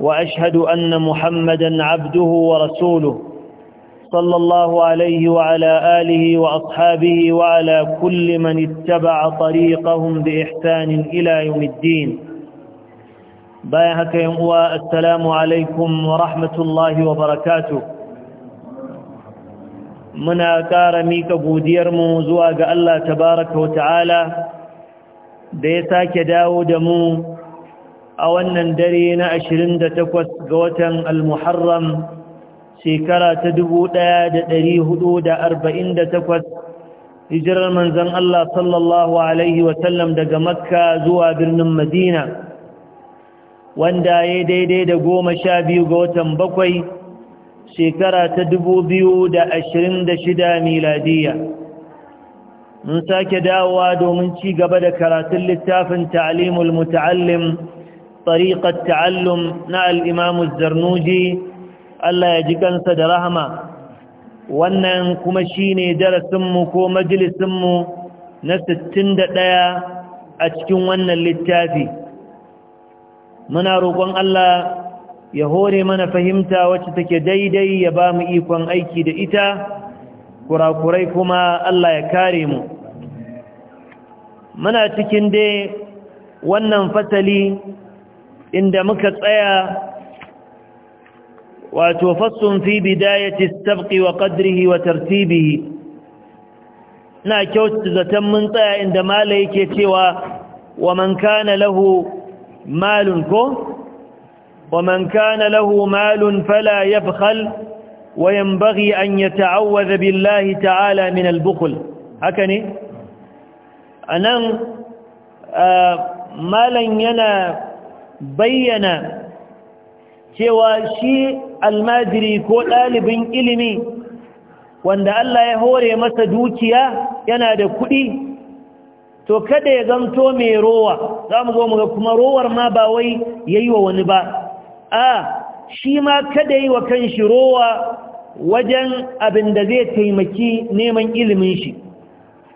وأشهد أن محمدا عبده ورسوله صلى الله عليه وعلى آله وأصحابه وعلى كل من اتبع طريقهم بإحسان إلى يوم الدين بايهك يموى السلام عليكم ورحمة الله وبركاته منا كارميك بوديرمو زواج الله تبارك وتعالى ديساك داود مو a wannan dare na 28 ga watan al-muharram shekara ta 1448 hijirar manzon Allah sallallahu alaihi wasallam daga makka zuwa birnin madina wanda ya daidai da goma sha biyu ga watan bakwai shekara ta dubu biyu da ashirin da shida miladiya mun sake dawowa domin ci gaba da karatun littafin ta'alimul muta'allim طريقة تعلم نا الإمام الزرنوجي الله da صدرهما wannan kuma shine darasinmu ko majalisinmu na 61 a cikin wannan littafi muna roƙon Allah ya hore mana fahimta wacce take daidai ya ba mu ikon aiki da ita kurakurai kuma Allah ya kare mu muna cikin dai wannan fasali inda muka tsaya wato fassun fi bidayati sabqi wa qadrihi wa tartibihi na kyautata zaton mun tsaya inda mala yake cewa wa man kana lahu malun ko wa man kana lahu malun fala yabkhal wa yanbaghi an yata'awwadha billahi ta'ala min al-bukhl haka ne anan malan yana bayyana cewa shi almajiri ko ɗalibin ilimi wanda Allah ya hore masa dukiya yana da kuɗi to kada ya zanto mai rowa za mu zo ga kuma rowar ma ba wai ya yi wa wani ba a shi ma kada yi wa kan shi rowa wajen abin da zai taimaki neman ilimin shi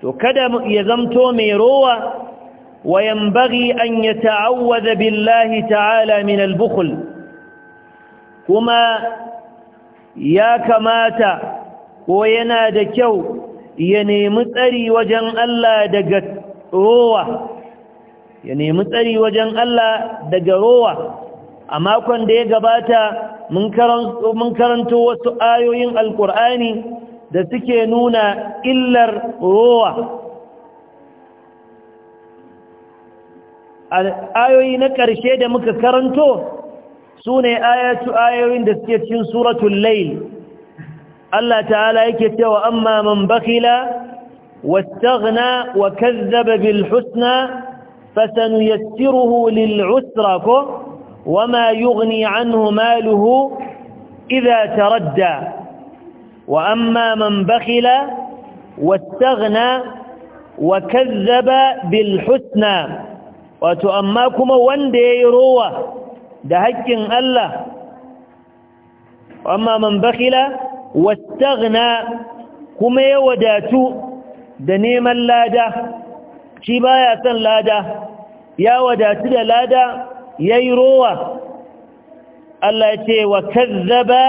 to kada ya zanto mai rowa وينبغي أن يتعوذ بالله تعالى من البخل كما يا كماتا وينا كو ينيم تري وجن الله دقت روى ينيم تري وجن الله دق روى أما كن دي قباتا من كرنتو وسؤايين القرآن da إلا nuna ayoyi na ƙarshe da muka karanto su ne ayatu ayoyin da suke cikin suratul layl Allah ta'ala yake cewa amma man bakila usra ko wama yughni anhu maluhu idha taradda wa amma man وأما من wa kazzaba bil husna wato amma kuma wanda ya yi rowa da haƙƙin Allah amma man bakila wastaghna kuma ya wadatu da neman lada shi baya son lada ya wadatu da lada yayi rowa Allah ya ce wa kazzaba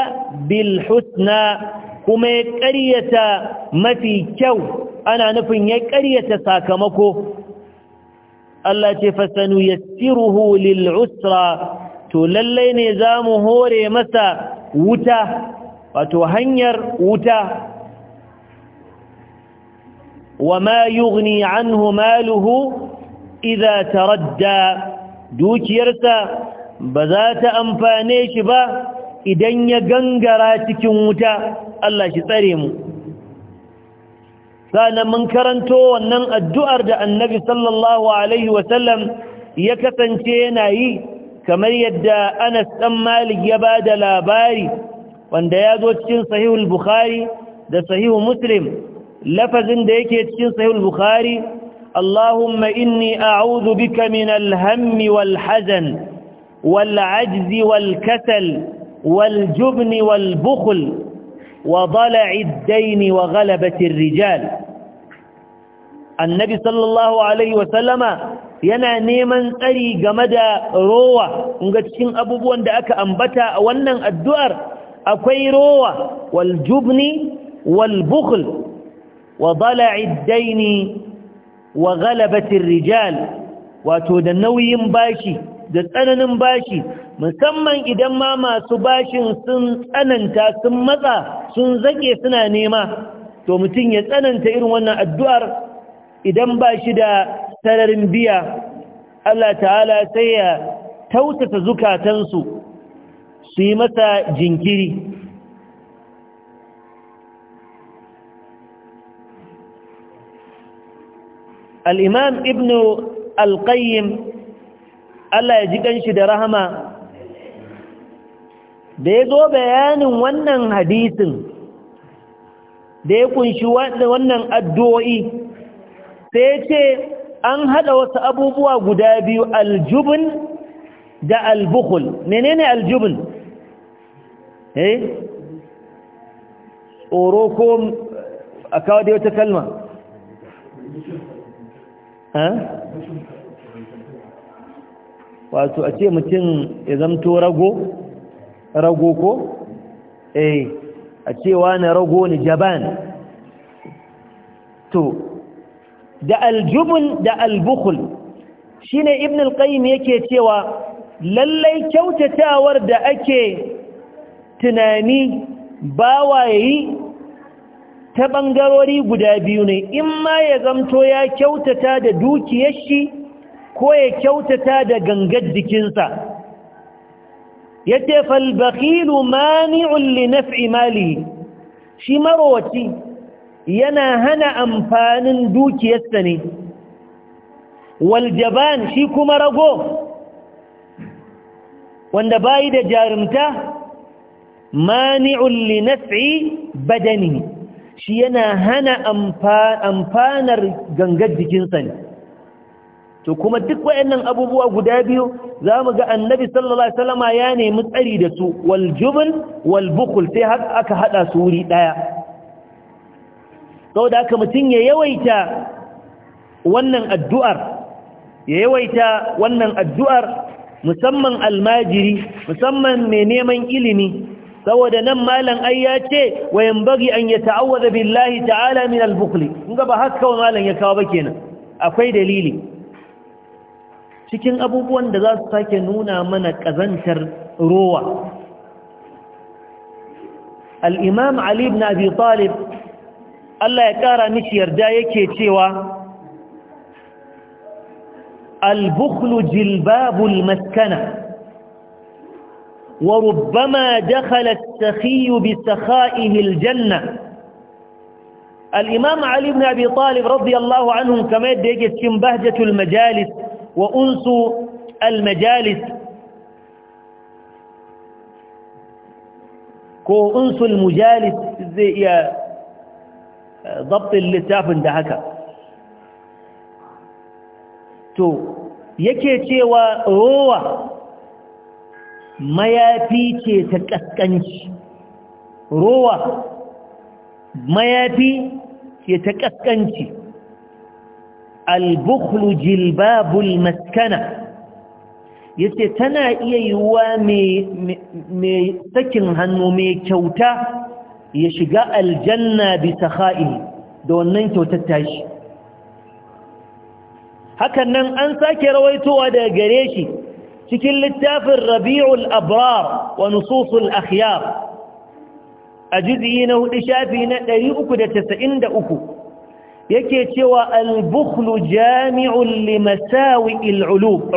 bil husna kuma ya ƙaryata mafi kyau ana nufin ya ƙaryata sakamako Allah ce fasanu yassiruhu lil usra to lallai ne zamu hore masa wuta wato hanyar wuta wama yughni anhu maluhu idza taradda dukiyarsa ba za ta amfane shi ba idan ya gangara cikin wuta Allah shi tsare mu sa'annan mun karanto wannan addu'ar da annabi sallallahu alaihi wasallam ya kasance yana yi kamar yadda Anas dan Malik ya ba da labari wanda ya zo cikin sahihul Bukhari da sahihu Muslim lafazin da yake cikin sahihul Bukhari Allahumma inni a'udhu bika min al-hammi wal hazan wal ajzi wal kasal wal jubni wal bukhl وضلع الدين وغلبة الرجال annabi sallallahu alaihi wasallama yana neman tsari game da rowa ga cikin abubuwan da aka ambata a wannan addu'ar akwai rowa Waljubni, jubni bukhl wa dala'id daini wa galabatin rijal wato da nauyin bashi da tsananin bashi musamman idan ma masu bashin sun tsananta sun matsa sun zake suna nema to mutum ya tsananta irin wannan addu'ar idan ba shi da sararin biya Allah ta'ala sai ya tautata zukatansu su yi masa jinkiri al'imam ibn al-qayyim Allah ya ji shi da rahama da ya zo bayanin wannan hadisin da ya kunshi wannan addu'o'i sai ce an hada wasu abubuwa guda biyu aljubun da albukhul menene aljubun eh tsoro ko a kawo da wata kalma wato a ce mutum ya zamto rago rago ko eh a cewa na rago ni jaban to da aljubun da albukhul shine ibn al yake cewa lallai kyautatawar da ake tunani bawa yayi ta bangarori guda biyu ne in ma ya zamto ya kyautata da dukiyar shi ko ya kyautata da gangar jikinsa yace fal bakhilu mani'un li naf'i shi marowaci yana hana amfanin dukiyarsa ne waljaban shi kuma rago wanda bayi da jarumta mani'un li naf'i badani shi yana hana amfanar gangar jikinsa ne to kuma duk waɗannan abubuwa guda biyu za mu ga annabi sallallahu alaihi wasallama ya nemi tsari da su waljubun walbukul sai aka hada su wuri daya saboda haka mutum ya yawaita wannan addu'ar ya yawaita wannan addu'ar musamman almajiri musamman mai neman ilimi saboda nan malam ai ya ce wayan bari an ya ta'awwaza billahi ta'ala min albukli ga ba haka wa malam ya kawo ba kenan akwai dalili cikin abubuwan da za su sake nuna mana ƙazantar rowa al'imam ali ibn abi talib الله ya ƙara mishi yarda yake cewa البخل جلباب المسكنة وربما دخل السخي بسخائه الجنة الإمام علي بن أبي طالب رضي الله عنه كما يدجت في بهجة المجالس وأنس المجالس كو أنس المجالس زي zabtin littafin da haka to yake cewa rowa mayafi ce ta ƙasƙanci rowa mayafi ce ta ƙasƙanci albukhlu jilbabul maskana yace tana iya yiwuwa mai sakin hannu mai kyauta ya shiga aljanna bi sakha'i da wannan kyautar tashi hakan nan an sake rawaitowa daga gare shi cikin littafin rabi'ul abrar wa nususul akhyar a juz'i na hudu shafi na 393 yake cewa al-bukhlu jami'un li masawi'il uyub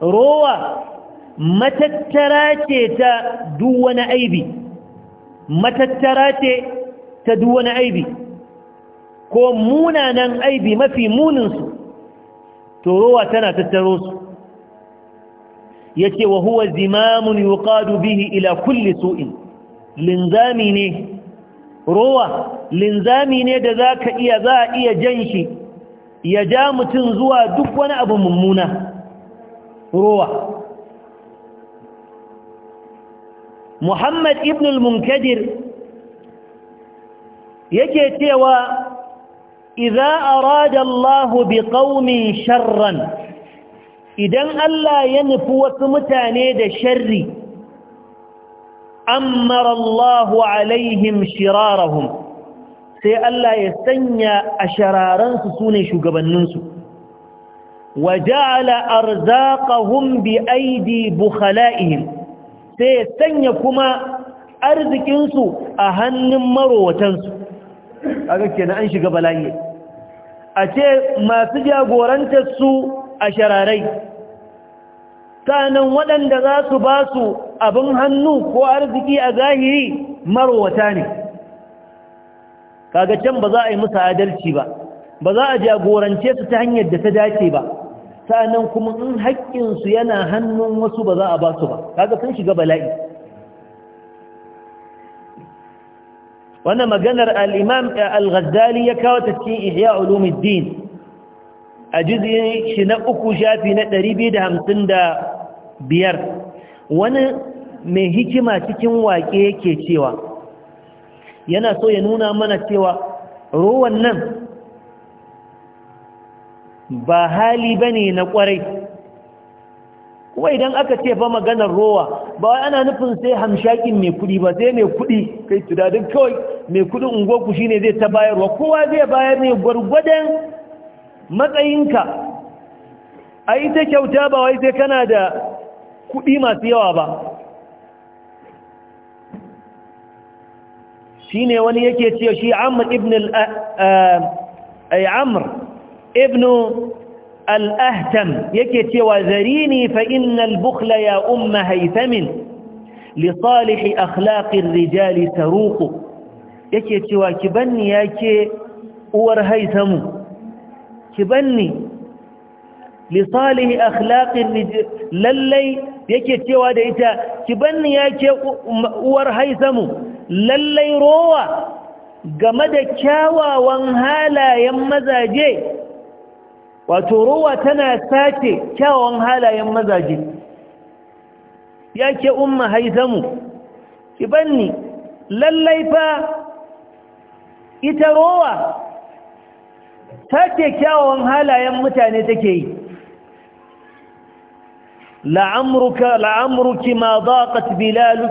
rowa matattara ce ta duk wani aibi matattara ce ta duk wani aibi ko munanan aibi mafi muninsu to rowa tana tattaro su ya ce wa huwa zimamun yuqadu bihi ila kulli su'in linzami ne rowa linzami ne da za ka iya za a iya jan shi ya ja mutum zuwa duk wani abu mummuna rowa muhammad ibn al-munkadir yake cewa idza arada Allah bi qaumin sharran idan Allah ya nufi wasu mutane da sharri ammara Allah alaihim shirarahum sai Allah ya sanya a shararansu su shugabannin shugabanninsu wa ja'ala arzaqahum bi aidi bukhala'ihim sai ya sanya kuma arzikinsu a hannun marowatansu kaga kenan an shiga bala'i a ce masu su a shararai sanan waɗanda za su ba su abin hannu ko arziki a zahiri marowata ne kaga can ba za a yi musu adalci ba ba za a jagorance su ta hanyar da ta dace ba sa'annan kuma in haƙƙinsu yana hannun wasu ba za a ba su ba kaga sun shiga bala'i wannan maganar al-imam eh, al-ghazzali ya kawo ta cikin ihya ulumuddin a juz'in shi na uku shafi na 255 wani mai hikima cikin waƙe yake cewa yana so ya nuna mana cewa ruwan nan ba hali ba ne na kwarai kuma idan aka ce fa maganar rowa ba ana nufin sai hamshakin mai kudi ba sai mai kudi kai tudadin kawai mai kudin unguwarku shine zai ta bayarwa kowa zai bayar ne gwargwadon matsayinka a ita kyauta ba wai sai kana da kudi masu yawa ba shine wani yake ce shi amr ibn al-amr eh, eh, ibnu al-Ahtam yake cewa zarini fa innal bukhla ya umma haithamin li salihi akhlaqir rijali taruqu yake cewa kibanni yake uwar haithamu ki banni li salihi akhlaqir lallai yake cewa da ita kibanni yake uwar haithamu lallai rowa game da kyawawan halayen mazaje wato ruwa tana sace kyawun halayen mazaje ya ke umma haizamu ki banni lallai fa ita ruwa sace kyawun halayen mutane take yi la'amurki ma zaƙat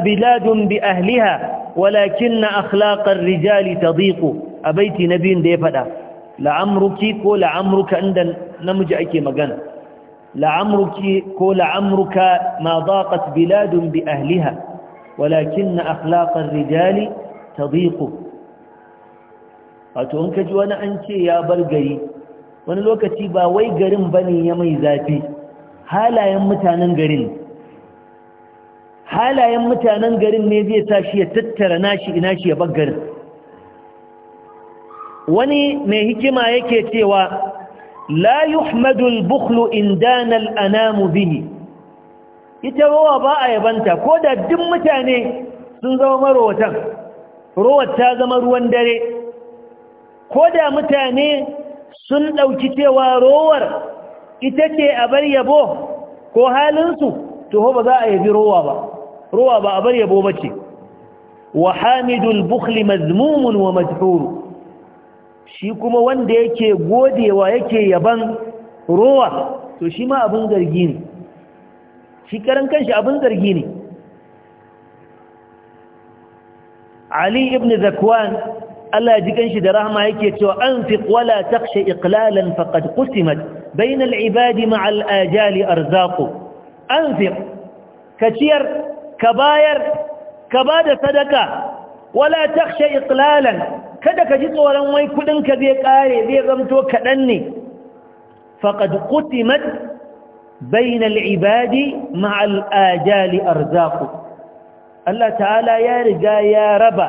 biladun bi ahliha walakin na akhlaƙar rijali ta zuƙo a baiti na biyun da ya faɗa la'amruki ko la'amruka inda namiji ake magana la'amruki ko la'amruka ma daqat biladun bi ahliha walakin akhlaqar rijali tadiqu wato in kaji wani an ce ya bar gari wani lokaci ba wai garin bane ya mai zafi halayen mutanen garin halayen mutanen garin ne zai tashi ya tattara nashi ina shi ya bar garin wani mai hikima yake cewa la yuhmadul bukhlu in anamu bihi ita rowa ba a yabanta ko da duk mutane sun zama marowatan rowar ta zama ruwan dare ko da mutane sun ɗauki cewa rowar ita ce a bar yabo ko halinsu to ba za a yabi rowa ba rowa ba a bar yabo ba ce wa hamidul bukhli mazmumun wa majhuru shi kuma wanda yake godewa yake yaban rowa to shi ma abin zargi ne shi karan kanshi abin zargi ne Ali ibn Zakwan Allah ya ji kanshi da rahama yake cewa anfiq wala takhsha iqlalan faqad qusimat bayna al-ibadi ma'a al-ajali arzaqu anfiq kaciyar ka bayar ka bada sadaka wala takhsha iqlalan kada ka ji tsoron wai ka zai kare zai zamto kaɗan ne faƙad kutimat bainal ibadi ma'al ajali arzaku Allah ta'ala ya riga ya raba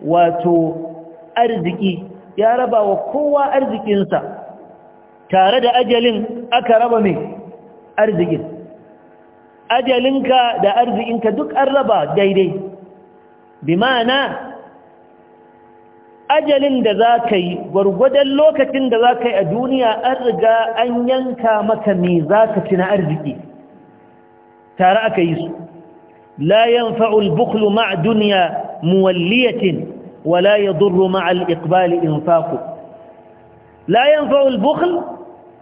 wato arziki ya raba wa kowa arzikinsa tare da ajalin aka raba mai arzikin ajalinka da arzikinka duk an raba daidai bi ma'ana ajalin da za ka yi gwargwadon lokacin da za ka yi a duniya an riga an yanka maka me za ka ci na arziki tare aka yi su la yanfa'ul bukhlu ma'a duniya muwalliyatin wa la yadurru ma'a al-iqbal infaqu la yanfa'ul bukhl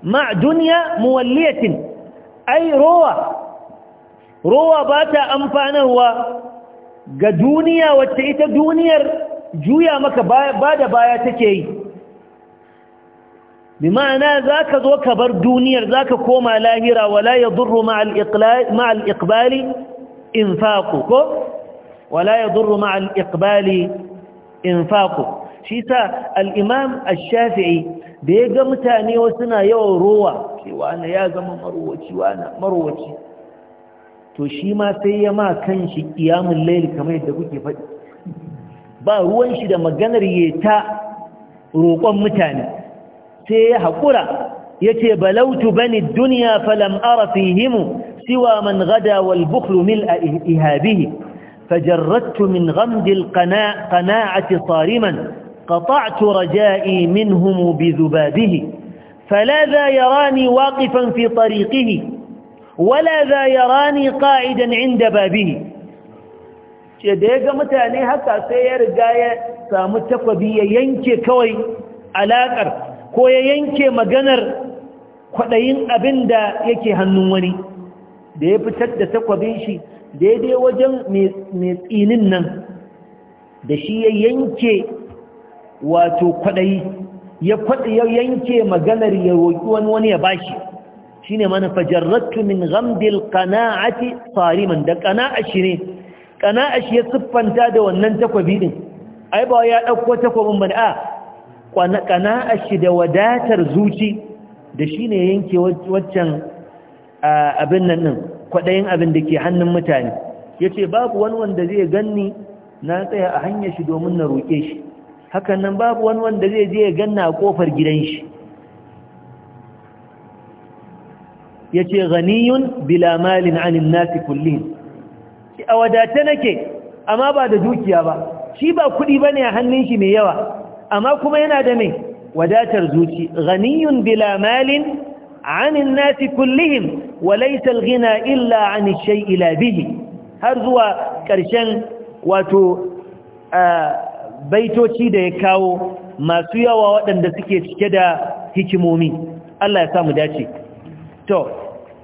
ma'a duniya muwalliyatin ai rowa rowa ba ta amfanarwa ga duniya wacce ita duniyar juya maka ba da baya take yi bi ma'ana za ka zo ka bar duniyar za ka koma lahira wala ya durru ma'al in infaku ko wala ya durru ma'al shi sa al'imam a shafii da ya ga mutane wasu na yawan rowa cewa na ya zama marowaci wa? marowaci to shi ma sai ya ma kan shi ƙiyamun laili kamar yadda kuke faɗi ba ruwan shi da maganar ya ta roƙon mutane sai ya haƙura ya ce balautu bani duniya falam ara himu siwa man gada wal bukhlu mil a ihabihi fajarrattu min ghamdil qana'ati sariman قطعت رجائي منهم بذبابه فلا ذا يراني واقفا fi طريقه walaza ذا يراني قاعدا عند بابه ce da ya ga mutane haka sai ya riga ya samu takwabi ya yanke kawai alaƙar ko ya yanke maganar kwaɗayin abin da yake hannun wani da ya fitar da takwabin shi daidai wajen mai tsinin nan da shi ya yanke wato kwaɗayi ya yanke maganar ya roƙi wani wani ya bashi shine mana fajarrattu min ghamdil qana'ati sariman da ƙana'a shi ne kana'a shi ya siffanta da wannan takwabi din ai ba ya dauko takwabin bane a kana'a shi da wadatar zuci da shine yanke waccan abin nan din kwadayin abin da ke hannun mutane yace babu wani wanda zai ganni na tsaya a hanyar shi domin na roke shi hakan nan babu wani wanda zai je ya ganna a kofar gidan shi yace ghaniyun bila malin anin nasi kullin a wadata nake amma ba da dukiya ba shi ba kuɗi ba ne a hannun shi mai yawa amma kuma yana da mai wadatar zuci ghaniyun bila malin anin nasi kullihim walaita alghina illa an shay ila bihi har zuwa ƙarshen wato baitoci da ya kawo masu yawa waɗanda suke cike da hikimomi Allah ya samu dace to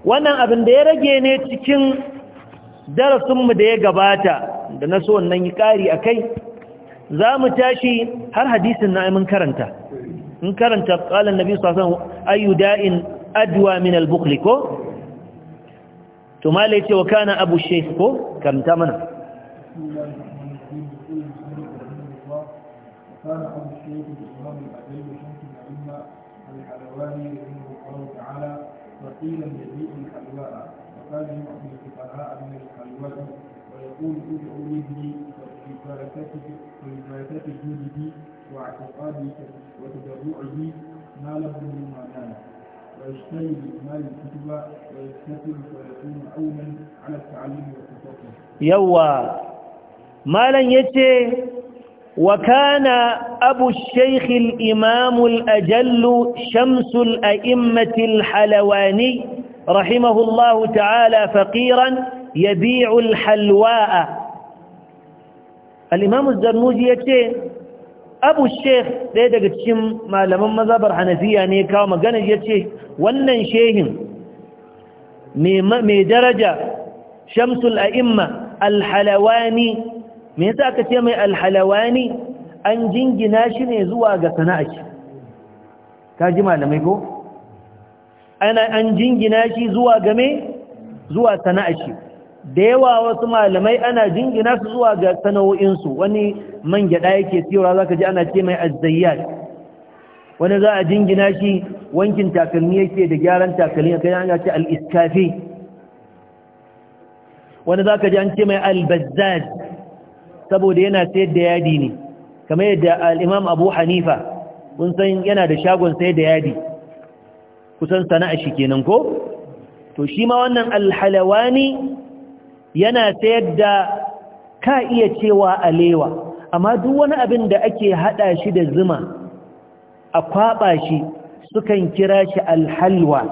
wannan abin da ya rage ne cikin darasinmu da ya gabata da na so nan yi ƙari a kai za mu tashi har hadisin na mun karanta in karanta ƙalan nabi sasan ayu da'in adwa min al ko tumale mala wa kana abu shaykh ko karanta mana الشيخ الحلواني رحمه الله تعالى الحلواء يقول بمؤمنه وبركات جوده واعتقاده وتضرعه ما له من معناه ويشتري إكمال الكتب ويكتفل فيكون عونا على التعليم والتفقه. يوا ما لن يتي وكان أبو الشيخ الإمام الأجل شمس الأئمة الحلواني رحمه الله تعالى فقيرا يبيع الحلواء الإمام الزرموجي يتي أبو الشيخ ɗaya daga cikin malaman mazabar hanafiya ne kawo magana ya ce wannan shehin mai daraja shamsul a'imma alhalawani me yasa aka ce mai alhalawani an jingina shi ne zuwa ga sana'ashi ka ji malamai ko ana an jingina shi zuwa game zuwa sana'ashi da yawa wasu malamai ana jingina su zuwa ga sana'o'insu wani man gyada yake siyarwa za ka ji ana ce mai azzayyar wani za a jingina shi wankin takalmi yake da gyaran takalmi kai an ce al wani za ka ji an ce mai al saboda yana sayar da yadi ne kamar yadda al'imam abu hanifa kun san yana da shagon sayar da yadi kusan sana'a shi kenan ko to shi ma wannan alhalawani yana sayar da ka iya cewa alewa amma duk wani abin da ake hada shi da zuma a kwaba shi sukan kira shi alhalwa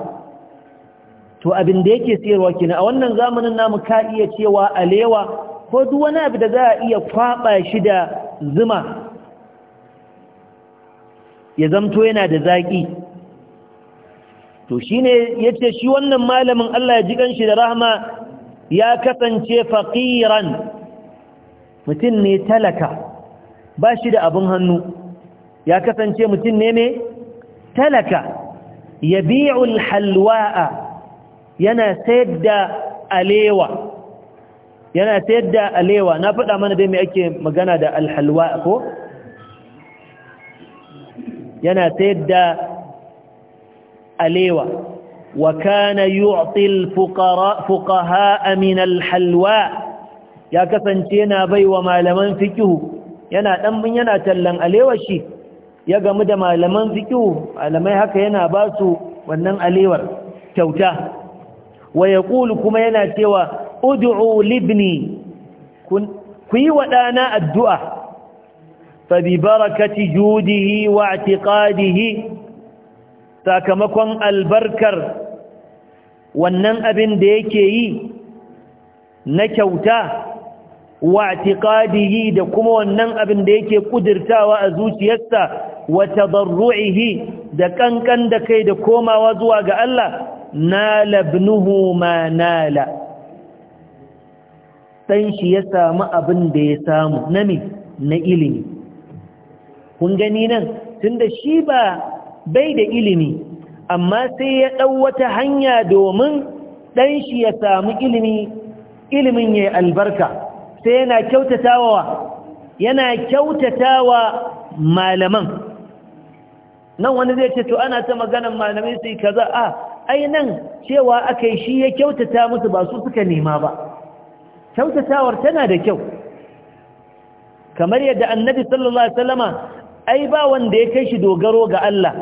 to abin da yake sayarwa kina a wannan zamanin namu ka iya cewa alewa ko duk wani abu da za a iya kwaba shi da zuma ya zamto yana da zaki to shine yace shi wannan malamin Allah ya ji shi da rahama ya kasance faƙiran mutum ne talaka ba shi da abin hannu ya kasance mutum ne me talaka ya halwa'a yana sayar alewa yana sayar alewa na faɗa mana dai mai ake magana da alhalwa ko yana sayar da alewa وكان يعطي الفقراء فقهاء من halwa ya kasance yana bai wa malaman fikihu yana ɗanbin tallan alewar shi ya gamu da malaman fikihu malamai haka yana ba su wannan alewar kyauta waya ya kuma yana cewa udu'u libni ku yi wa ɗana addu'a fabi barakati judihi wa atiƙadihi sakamakon albarkar wannan abin da yake yi na kyauta wa tiƙadihi da kuma wannan abin da yake ƙudurtawa a zuciyarsa wa tadarru'ihi da ƙanƙan da kai da komawa zuwa ga Allah Na labnuhu ma nala shi ya samu abin da ya samu na ilimi kun gani nan tunda shi ba bai da ilimi amma sai ya ɗau wata hanya domin ɗan shi ya samu ilimi ilimin ya albarka sai yana kyautatawa yana kyautatawa malaman nan wani zai ce to ana ta maganan malamai sai kaza a ai nan cewa yi shi ya kyautata musu ba su suka nema ba kyautatawar tana da kyau kamar yadda annabi sallallahu ai ba wanda ya kai shi dogaro ga Allah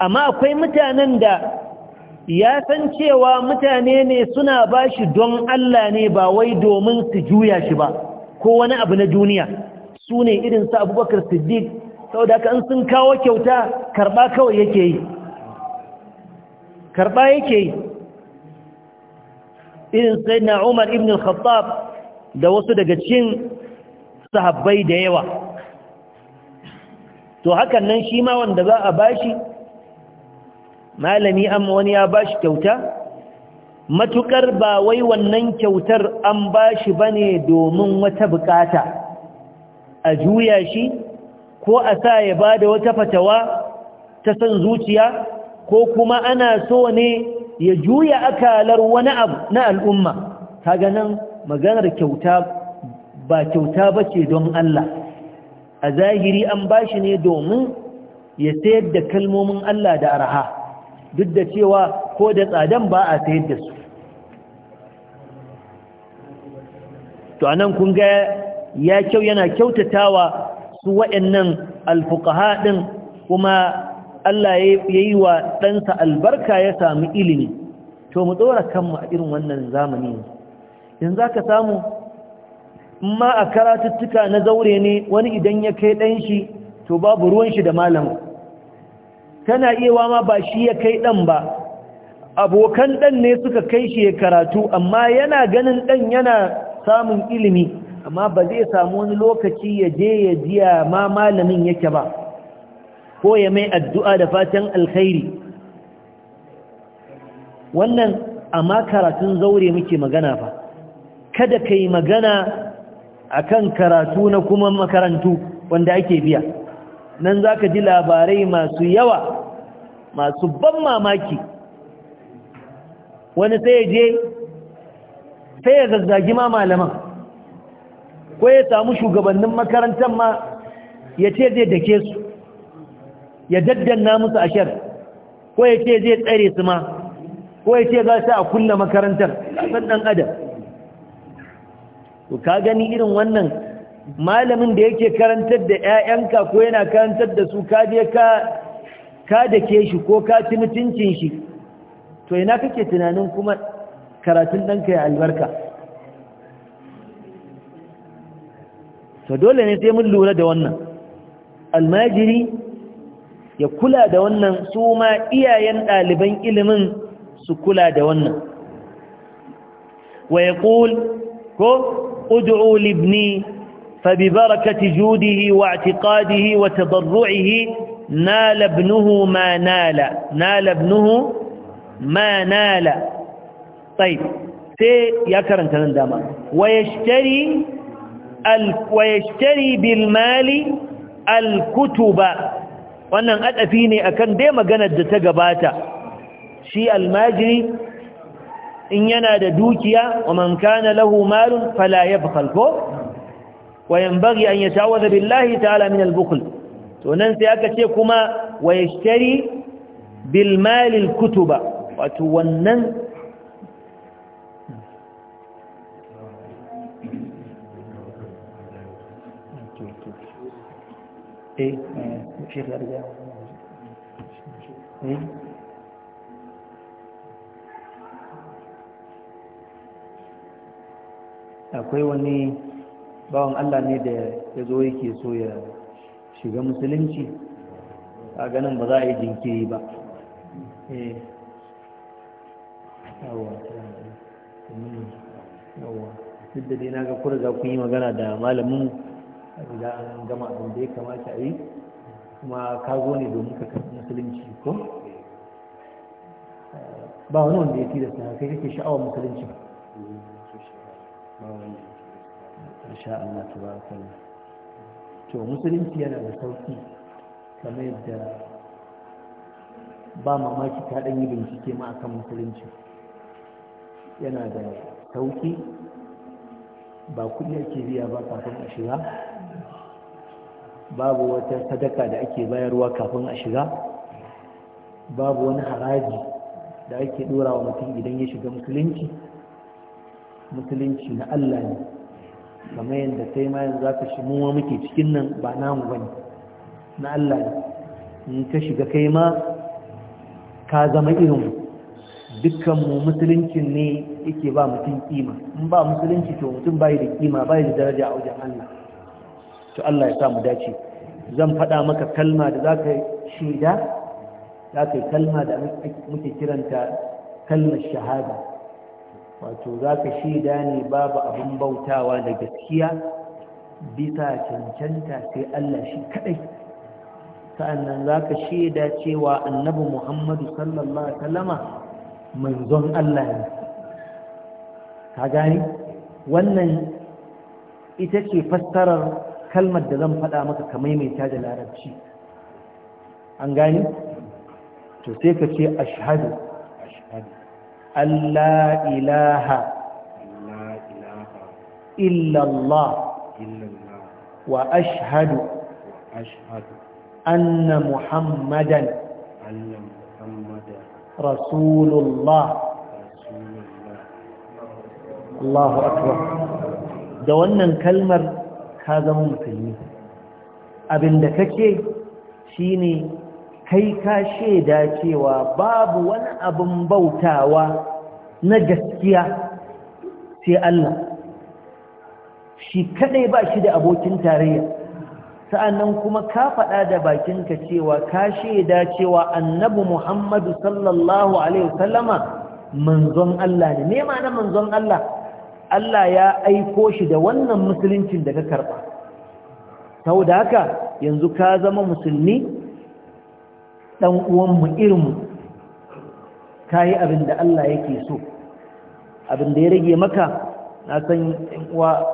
amma akwai mutanen da ya san cewa mutane ne suna ba shi don Allah ne ba wai domin su juya shi ba ko wani abu na duniya su ne irin su abubakar siddiq saboda ka an sun kawo kyauta karba kawai yake yi karba yake yi irin sai na umar ibn al-khattab da wasu daga cin sahabbai da yawa to hakan nan shi ma wanda za a bashi malami amma wani ya bashi kyauta matukar ba wai wannan kyautar an bashi bane domin wata bukata a juya shi ko a sa ya bada wata fatawa ta san zuciya ko kuma ana so ne ya juya akalar wani abu na al'umma kaga nan maganar kyauta ba kyauta bace don Allah a zahiri an ba shi ne domin ya sayar da kalmomin Allah da araha duk da cewa ko da tsadan ba a sayar da su to anan kun ga ya kyau yana kyautatawa su waɗannan alfuqaha din kuma Allah ya yi wa ɗansa albarka ya sami ilimi to mu tsora kanmu a irin wannan zamani yanzu za ka samu ma a karatuttuka na zaure ne wani idan ya kai ɗan shi to babu ruwan shi da malam. tana iyawa ma ba shi ya kai ɗan ba abokan ɗan ne suka kai shi ya karatu amma yana ganin ɗan yana samun ilimi amma ba zai samu wani lokaci ya je ya jiya ma malamin yake ba ko ya mai addu'a da fatan alkhairi wannan amma karatun zaure muke magana fa kada ka yi magana akan karatu na kuma makarantu wanda ake biya nan zaka ji labarai masu yawa masu ban mamaki wani sai je sai ya zazzagi ma malaman ko ya samu shugabannin makarantar ma ya ce zai dake su ya daddanna musu ashar ko ya ce zai tsare su ma ko ya ce za su a kulle makarantar ɗan adam Ku ka gani irin wannan malamin da yake karantar da 'ya'yanka ko yana karantar da su ka je ka ka dake shi ko ka ci mutuncin shi to ina kake tunanin kuma karatun ɗanka ya albarka to dole ne sai mun lura da wannan almajiri ya kula da wannan su ma iyayen ɗaliban ilimin su kula da wannan wa ya ko ادعوا لابني فببركة جوده واعتقاده وتضرعه نال ابنه ما نال نال ابنه ما نال طيب سي يا كرن نن داما ويشتري ال ويشتري بالمال الكتب wannan adafi ne akan dai maganar da ta gabata shi almajiri in yana da dukiya wa man kana lahu malun fala yabkhal ko wa yanbaghi an yatawadha billahi ta'ala min al-bukhl to nan sai aka ce kuma wa yashtari bil mal al-kutuba wato wannan eh, eh akwai wani bawan Allah ne da ya zo yake so ya shiga musulunci a ganin ba za a yi jinkiri ba eh. duk da dai na ga za kun yi magana da malamin da gama abin da ya kamata a yi kuma ka zo ne domin ka kasu musulunci ko eh, ba wani wanda ya sa kai kake sha'awar musulunci ba insha to musulunci yana da sauki kamar yadda ba mamaki ta ɗan yi bincike ma akan musulunci yana da sauki ba kuɗi ake biya ba kafin a shiga babu wata sadaka da ake bayarwa kafin a shiga babu wani haraji da ake ɗora wa mutum idan ya shiga musulunci musulunci na Allah ne kamar yadda sai ma yanzu ka shi muwa muke cikin nan ba namu ne, na Allah ne in ka shiga kai ma ka zama irin dukkan mu musuluncin ne yake ba mutum kima in ba musulunci to mutum bai da kima bai da daraja a wajen Allah to Allah ya sa mu dace zan faɗa maka kalma da za za shaida yi kalma da muke kiranta kalmar shahada wato za ka shaida ne babu abin bautawa da gaskiya bisa cancanta sai Allah shi kadai sa'annan za ka shaida cewa annabi muhammadu sallallahu alaihi wasallama manzon Allah ne ka gani wannan ita ce fassarar kalmar da zan faɗa maka ka maimaita da larabci an gani to sai ka ce ashhadu ashhadu Allah ilaha illallah wa ashhadu anna muhammadan rasulullah Allahu akbar da wannan kalmar ka zama musulmi abinda kake shine kai ka shaida cewa babu wani abin bautawa na gaskiya sai Allah shi kadai ba shi da abokin tarayya sa'annan kuma ka faɗa da bakinka cewa ka shaida cewa annabi Muhammadu sallallahu alaihi wasallama manzon Allah ne me ma'ana manzon Allah Allah ya aiko shi da wannan musuluncin da ka karba saboda haka yanzu ka zama musulmi ɗan uwanmu irinmu ka yi abin da Allah yake so abin da ya rage maka na san uwa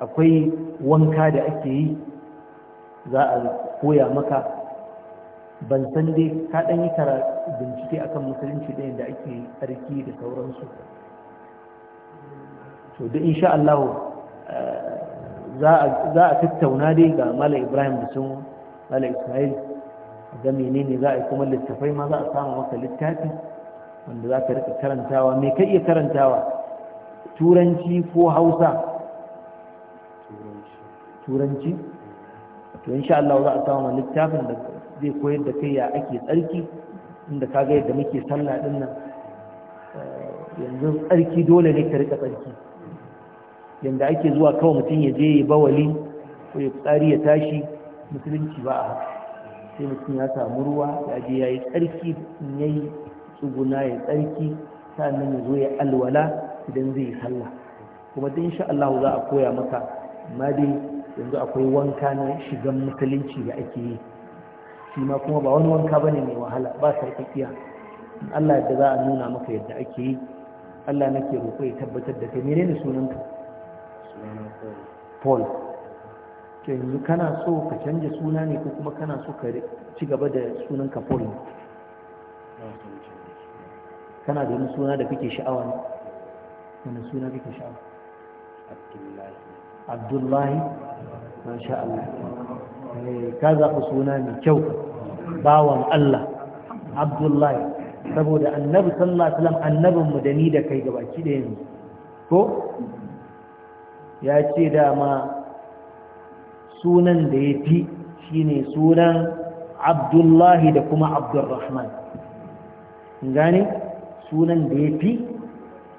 akwai wanka da ake yi za a koya maka ban san dai ka ɗan yi kara bincike akan musulunci ɗaya da ake tsarki da sauransu to da insha Allah eh, za a tattauna dai ga Malam Ibrahim da sun Malam Ismail ga menene za a yi kuma littafai ma za a samu maka littafi wanda za ka rika karantawa me ka iya karantawa turanci ko hausa turanci to insha Allah za a samu littafin da zai koyar da kai ya ake tsarki inda ka ga yadda muke sallah din nan eh, yanzu tsarki dole ne ka rika tsarki yanda ake zuwa kawai mutum ya je ya bawali ko ya tsari ya tashi musulunci ba a haka sai mutum ya samu ruwa ya je ya yi tsarki ya yi tsuguna ya tsarki sannan ya zo ya alwala idan zai yi sallah kuma da insha Allah za a koya maka amma dai yanzu akwai wanka na shigan musulunci da ake yi shi ma kuma ba wani wanka ba ne mai wahala ba sarkakiya in Allah yadda za a nuna maka yadda ake yi Allah nake roƙo ya tabbatar da kai menene sunanka Paul to yanzu kana so ka canja suna ne ko kuma kana so ka ci gaba da sunan ka ne kana da wani suna da kake sha'awa ne wani suna kake sha'awa abdullahi masha Allah eh, ka zaɓi suna mai kyau bawan Allah abdullahi saboda annabi sallallahu alaihi wasallam annabinmu da ni da kai gabaki da yanzu ko ya ce dama sunan da ya fi shine sunan abdullahi da kuma abdurrahman gane sunan da ya fi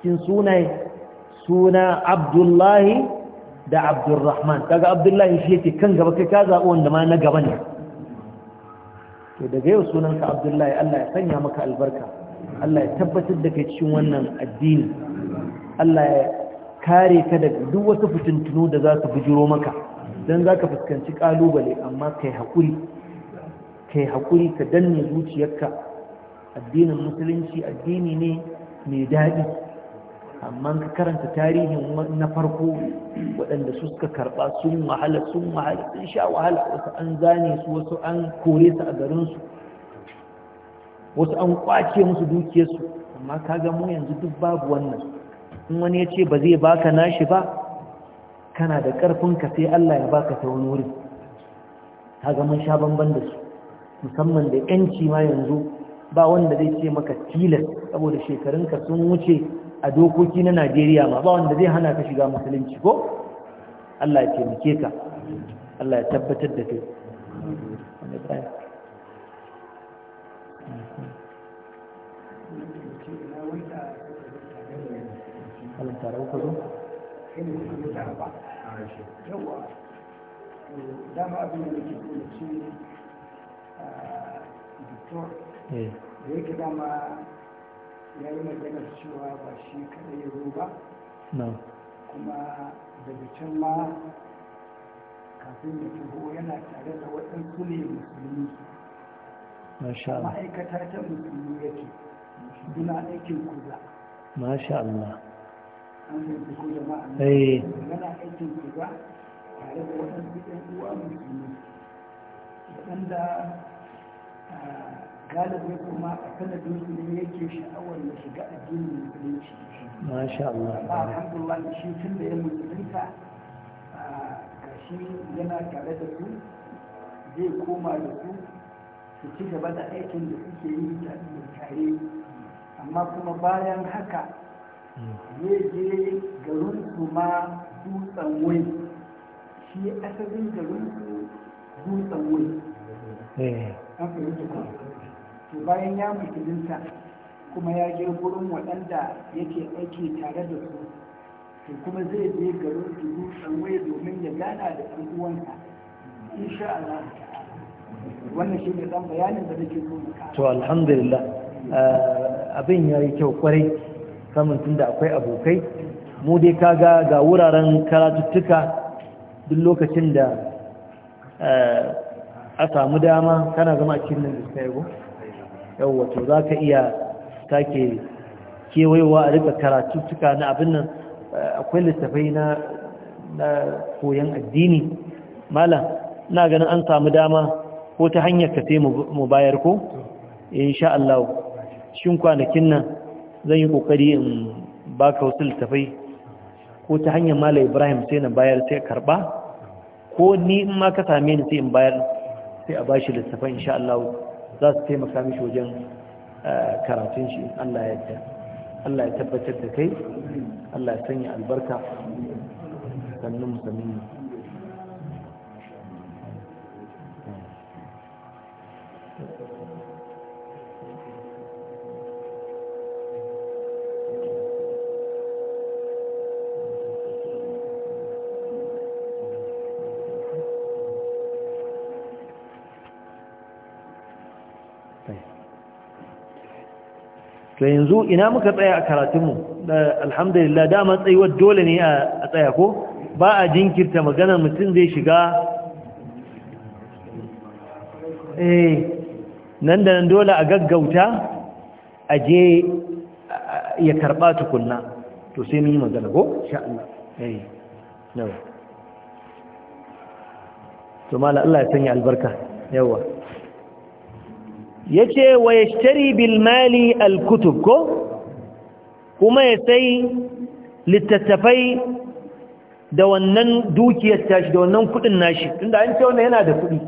cikin sunaye suna abdullahi da abdurrahman kaga abdullahi shi yake kan gaba kai ka zaɓi wanda ma na gaba ne to daga yau sunanka abdullahi allah ya sanya maka albarka allah ya tabbatar da kai cikin wannan addini allah ya kare ka daga duk wasu fitintunu da za su bijiro maka Idan za ka fuskanci ƙalubale amma kai haƙuri ka danne zuciyarka addinin musulunci addini ne mai daɗi amma ka karanta tarihin na farko waɗanda su suka karɓa sun wahala sun wahala sun sha wahala wasu an zane su wasu an kore su a garinsu wasu an kwace musu dukiyarsu amma ka ga mu yanzu duk babu wannan in wani ya ce ba zai baka nashi ba kana da karfin ka sai Allah ya baka ta wani wuri ta mun sha bamban da su musamman da yanci ma yanzu ba wanda zai ce maka tilas saboda shekarunka sun wuce a dokoki na Najeriya ma ba wanda zai hana ka shiga musulunci ko Allah ya taimake ka Allah ya tabbatar da kai Allah shi ne suke da ba yawa dama abin da nake kuma ce ah, victor eh. da yake dama ya yi maganar cewa ba shi kaɗai ya zo ba kuma daga can ma kafin da taho yana tare da waɗansu ne musulmi ma'aikata ta musulmi yake suna aikin kuza masha Allah eh waɗanda galibin kuma a sanadin su ne yake sha'awar ya shiga addinin musulunci masha Allah alhamdulillah shi tun da ya musulunta shi yana tare da su zai koma da su su ci gaba da aikin da suke yi tare amma kuma bayan haka zai je garin su ma dutsen wai shi asalin garin su dutsen wai eh. an fahimci ko to bayan ya musulunta kuma ya je gurin waɗanda yake aiki tare da su to kuma zai je garin su dutsen wai domin ya gana da ɗan uwansa insha Allah wannan shi ne ɗan bayanin da nake so to alhamdulillah eh, abin ya yi kyau kwarai samun da akwai abokai mu dai kaga ga wuraren karatuttuka duk lokacin da eh, a samu dama kana zama cikin nan da suka to za ka iya sake kewayewa a rika karatuttuka na abin nan eh, akwai littafai na koyon addini malam na ganin an samu dama ko ta hanyar ka sai mu bayar ko insha Allah shin kwanakin nan zan yi kokari in ba ka wasu littafai ko ta hanyar malam ibrahim sai na bayar sai karba ko ni in ma ka same ni sai in bayar sai a bashi littafai insha Allah za su taimaka mishi wajen eh, karatun shi Allah ya ta Allah ya tabbatar da kai Allah ya sanya albarka sannu musamman to yanzu ina muka tsaya a karatunmu alhamdulillah dama tsayuwar dole ne a tsaya ko ba a jinkirta magana mutum zai shiga eh nan da nan dole a gaggauta a je ya karba tukunna to sai mun yi magana ko sha'allah eh to mala Allah ya sanya albarka yawa ya ce wa ya shari bilmali alkutub ko kuma ya sai littattafai da wannan dukiyar tashi da wannan kudin nashi inda an ce wannan yana da kudi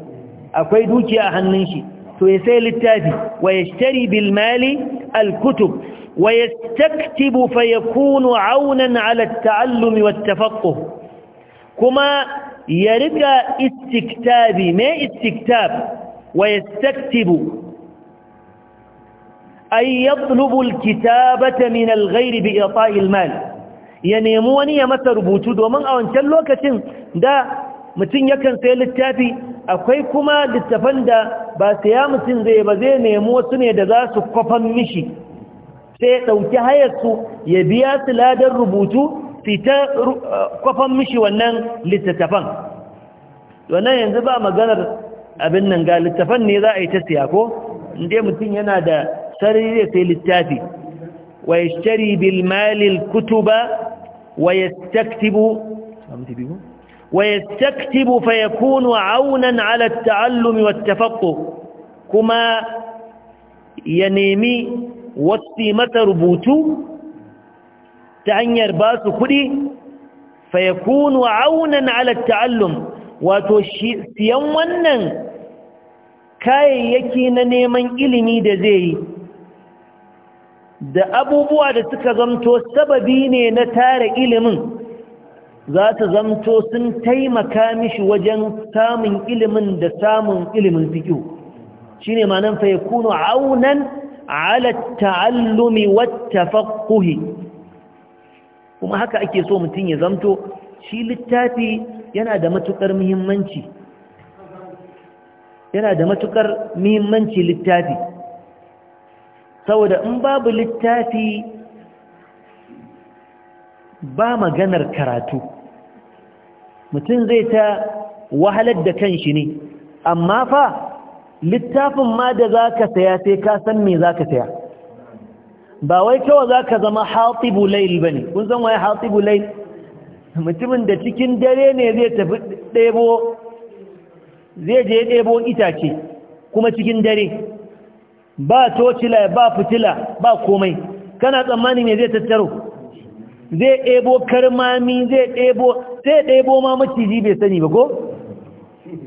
akwai dukiya a hannun shi to ya sai littafi wa ya shari bilmali alkutub wa ya taktibu fa ya kunu aunan ala ta'allumi wa kuma ya riga istiktabi mai istiktab wa ya taktibu أن يطلب الكتابة من الغير بإعطاء المال يعني مواني مثل بوتود ومن أولا لوكة دا متن يكن سيل التافي akwai kuma littafan da ba saya mutum zai ba zai nemi wasu ne da za su kwafan mishi sai ya ɗauki hayarsu ya biya su ladar rubutu fita kwafan mishi wannan littattafan wannan yanzu ba maganar abin nan ga littattafan ne za a yi ta siya ko inda mutum yana da sarari zai sai littafi wa shari bil malil kutuba wa yastaktibu wa yastaktibu fa yakunu aunan ala at-ta'allumi wat tafaqquh kuma ya nemi wasu mata rubutu ta hanyar ba su kuɗi fa yakunu aunan ala at-ta'allum wato siyan wannan kayayyaki na neman ilimi da zai yi da abubuwa da suka zamto sababi ne na tare ilimin za su zamto sun taimaka mishi wajen samun ilimin da samun ilimin fiƙo shi ne ma fa ya kuno aunan ala ta'allumi wata faƙuhi kuma haka ake so mutum ya zamto shi littafi yana da matukar muhimmanci yana da matuƙar muhimmanci littafi saboda in babu littafi ba maganar karatu mutum zai ta wahalar da kan shi ne amma fa littafin ma da za ka saya sai ka san me za ka saya ba wai kawai za ka zama hatibu lail ba ne kun zama waye hatibu lail mutumin da cikin dare ne zai tafi ɗebo zai je ɗebo itace kuma cikin dare ba tocila ba fitila ba komai kana tsammani me zai tattaro zai ɗebo karmami zai ɗebo sai ɗebo ma maciji bai sani ba ko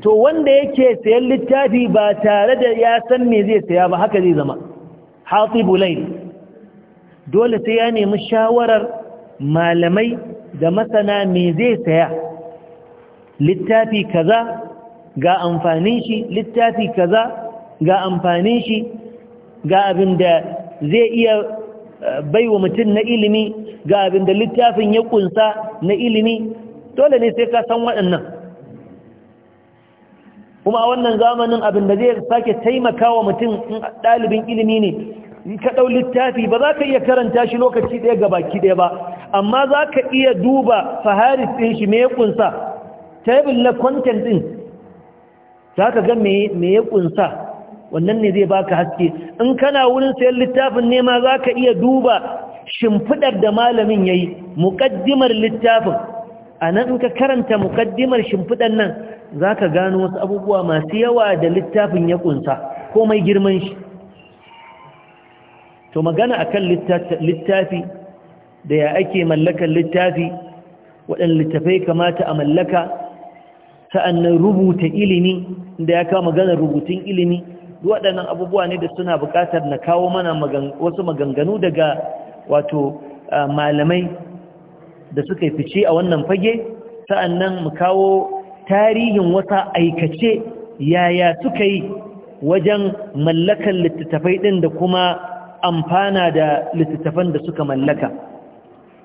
to wanda yake sayan littafi ba tare da ya san me zai saya ba haka zai zama hatibu bulai. dole sai ya nemi shawarar malamai da masana me zai saya littafi kaza ga amfanin shi littafi kaza ga amfanin shi ga abin da zai iya eh, baiwa mutum na ilimi ga abin da littafin ya kunsa na ilimi dole ne sai ka san waɗannan kuma a wannan zamanin abin da zai sake wa mutum ɗalibin ilimi ne ka ɗau littafi ba za ka iya karanta shi lokaci ɗaya ga baki ɗaya ba amma za ka iya duba faharis ɗin shi me ya ƙunsa table na content ɗin za ka ga me ya ƙunsa wannan ne zai baka haske in kana wurin sayan littafin nema za zaka iya duba shimfidar da malamin yayi muqaddimar littafin anan in ka karanta muqaddimar shimfidar nan zaka gano wasu abubuwa masu yawa da littafin ya kunsa komai girman shi to magana akan littafi da ya ake mallakar littafi waɗannan littafai kamata a mallaka sa'annan rubuta ilimi da ya kama maganar rubutun ilimi waɗannan abubuwa ne da suna buƙatar na kawo mana wasu maganganu daga wato ah, malamai da suka yi fice a wannan fage sa'annan mu kawo tarihin wata aikace yaya suka yi wajen mallakan littattafai ɗin da kuma amfana da littattafan da suka mallaka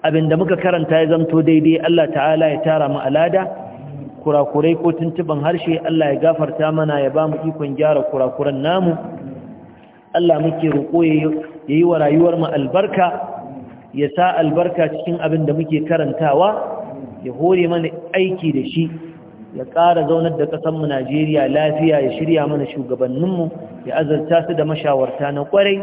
Abin da muka karanta ya zanto daidai Allah ta'ala ya tara mu alada kurakurai ko tuntuban harshe Allah ya gafarta mana ya ba mu ikon gyara kurakuran namu Allah muke roƙo ya yi wa rayuwar mu albarka ya sa albarka cikin abin da muke karantawa ya hore mana aiki da shi ya ƙara zaunar da ƙasanmu Najeriya lafiya ya shirya mana shugabanninmu ya azarta su da mashawarta na ƙwarai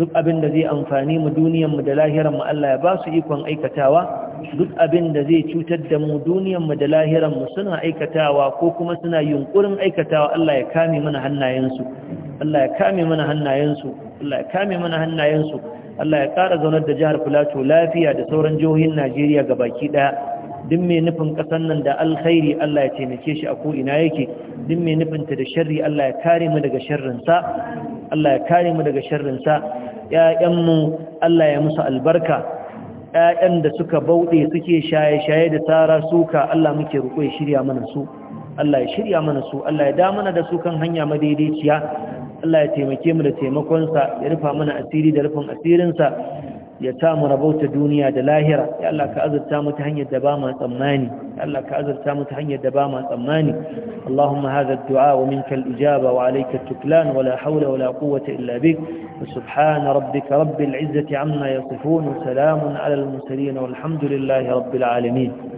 duk abin da zai amfani mu duniyarmu da lahiranmu Allah ya ba su ikon aikatawa duk abin da zai cutar da mu mu da lahiranmu suna aikatawa ko kuma suna yunkurin aikatawa Allah ya kame mana hannayensu Allah ya kame mana hannayensu Allah ya kame mana hannayensu Allah ya ƙara zaunar da jihar Filato lafiya da sauran jihohin Najeriya baki ɗaya duk mai nufin ƙasar nan da alkhairi Allah ya taimake shi a ko'ina yake duk mai nufinta da sharri Allah ya kare mu daga sharrinsa Allah ya kare mu daga sharrinsa ‘ya'yanmu Allah ya musu albarka ƴaƴan da suka bauɗe suke shaye-shaye da tara suka Allah muke ruƙo ya shirya mana su Allah ya shirya mana su Allah ya da mana da su kan hanya madaidaiciya Allah ya taimake mu da taimakonsa ya rufa mana asiri da rufin asirinsa ya ta mu rabauta duniya da lahira ya Allah ka azurta mu ta hanyar da ba mu tsammani ya Allah ka azurta mu ta hanyar da ba mu tsammani Allahumma hadha ad-du'a wa minka al-ijaba wa alayka at-tuklan wa la hawla wa la quwwata illa bik subhana rabbika rabbil izzati amma yasifun wa salamun ala al-mursalin walhamdulillahi rabbil alamin